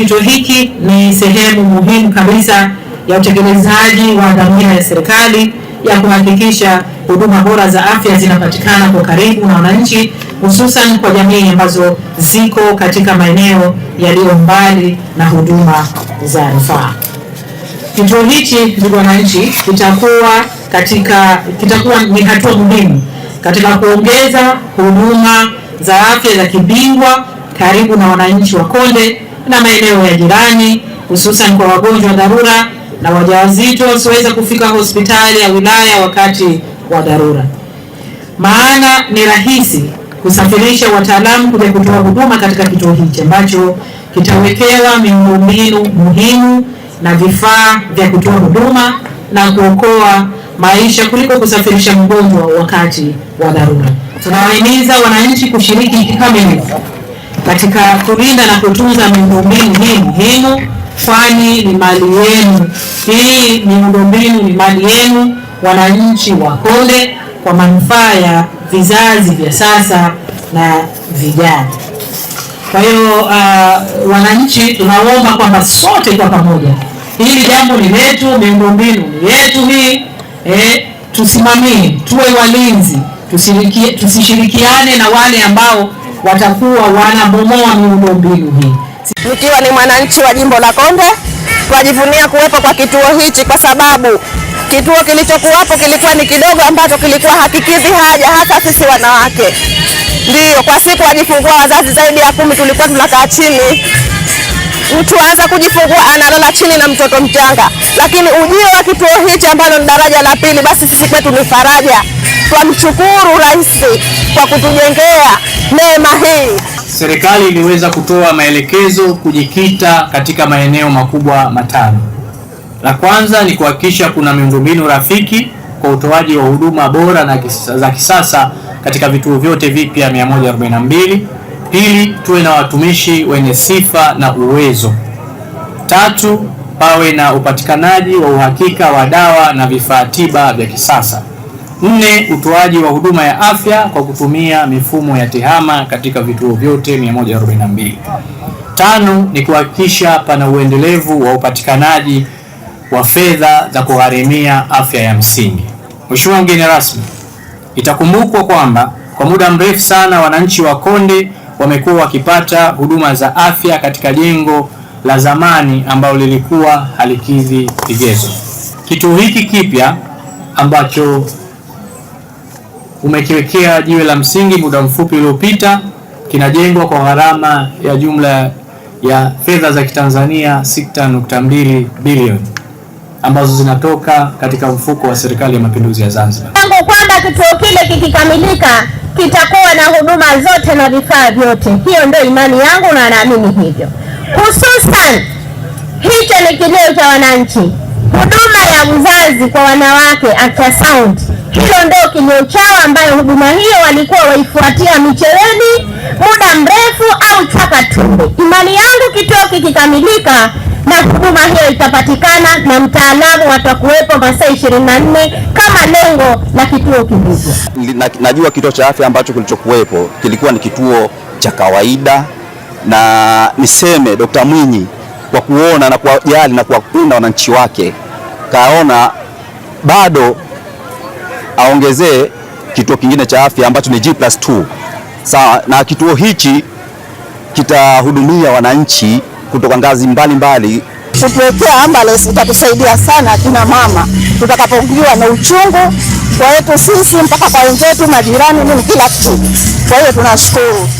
kituo hiki ni sehemu muhimu kabisa ya utekelezaji wa dhamira ya serikali ya kuhakikisha huduma bora za afya zinapatikana kwa karibu na wananchi, hususan kwa jamii ambazo ziko katika maeneo yaliyo mbali na huduma za rufaa. Kituo hichi, ndugu wananchi, kitakuwa katika kitakuwa ni hatua muhimu katika kuongeza huduma za afya za kibingwa karibu na wananchi wa Konde na maeneo ya jirani, hususan kwa wagonjwa dharura na wajawazito wasioweza kufika hospitali ya wilaya wakati wa dharura, maana ni rahisi kusafirisha wataalamu kuja kutoa huduma katika kituo hichi ambacho kitawekewa miundombinu muhimu na vifaa vya kutoa huduma na kuokoa maisha kuliko kusafirisha mgonjwa wakati wa dharura. Tunawahimiza wananchi kushiriki kikamilifu katika kulinda na kutunza miundombinu hii muhimu, kwani ni mali yenu. Hii miundombinu ni mali yenu, wananchi wa Konde, kwa manufaa ya vizazi vya sasa na vijana. Kwa hiyo uh, wananchi tunaomba kwamba sote kwa pamoja, hili jambo ni letu, miundombinu ni yetu hii eh, tusimamie, tuwe walinzi, tusishirikiane na wale ambao watakuwa wanabomoa miundombinu hii. Nikiwa ni mwananchi wa jimbo la Konde, twajivunia kuwepo kwa kituo hichi kwa sababu kituo kilichokuwapo kilikuwa ni kidogo ambacho kilikuwa hakikidhi haja hata sisi wanawake. Ndiyo, kwa siku wajifungua wazazi zaidi ya kumi, tulikuwa tunakaa chini mtu aanza kujifungua analala chini na mtoto mchanga, lakini ujio wa kituo hichi ambalo ni daraja la pili, basi sisi kwetu ni faraja. Twamshukuru Rais kwa kutujengea neema hii. Serikali iliweza kutoa maelekezo kujikita katika maeneo makubwa matano. La kwanza ni kuhakikisha kuna miundombinu rafiki kwa utoaji wa huduma bora na za kisasa katika vituo vyote vipya 142. Pili, tuwe na watumishi wenye sifa na uwezo. Tatu, pawe na upatikanaji wa uhakika wa dawa na vifaa tiba vya kisasa. Nne, utoaji wa huduma ya afya kwa kutumia mifumo ya TEHAMA katika vituo vyote 142. Tano, ni kuhakikisha pana uendelevu wa upatikanaji wa fedha za kugharimia afya ya msingi. Mheshimiwa mgeni rasmi, itakumbukwa kwamba kwa muda mrefu sana wananchi wa Konde wamekuwa wakipata huduma za afya katika jengo la zamani ambalo lilikuwa halikidhi vigezo. Kituo hiki kipya ambacho umekiwekea jiwe la msingi muda mfupi uliopita, kinajengwa kwa gharama ya jumla ya fedha za Kitanzania 6.2 bilioni ambazo zinatoka katika mfuko wa serikali ya mapinduzi ya Zanzibar. Tangu kwamba kituo kile kikikamilika kitakuwa na huduma zote na vifaa vyote, hiyo ndio imani yangu na naamini hivyo. Hususan hicho ni kilio cha wananchi, huduma ya uzazi kwa wanawake, ultrasound hicho ndio kimeo chao, ambayo huduma hiyo walikuwa waifuatia Micheweni muda mrefu au chaka tumbo. Imani yangu kituo kikikamilika na huduma hiyo itapatikana na mtaalamu watakuwepo masaa 24 kama lengo la kituo kilivyo. Najua kituo cha afya ambacho kilichokuwepo kilikuwa ni kituo cha kawaida, na niseme Dkt. Mwinyi kwa kuona na kuwajali na kuwapenda wananchi wake kaona bado aongezee kituo kingine cha afya ambacho ni G sawa, na kituo hichi kitahudumia wananchi kutoka ngazi mbalimbali. Kutuwekea ambulance itatusaidia sana akina mama tutakapoingiwa na uchungu kwa yetu sisi mpaka kwa wenzetu, majirani, ni kila kitu. Kwa hiyo tunashukuru.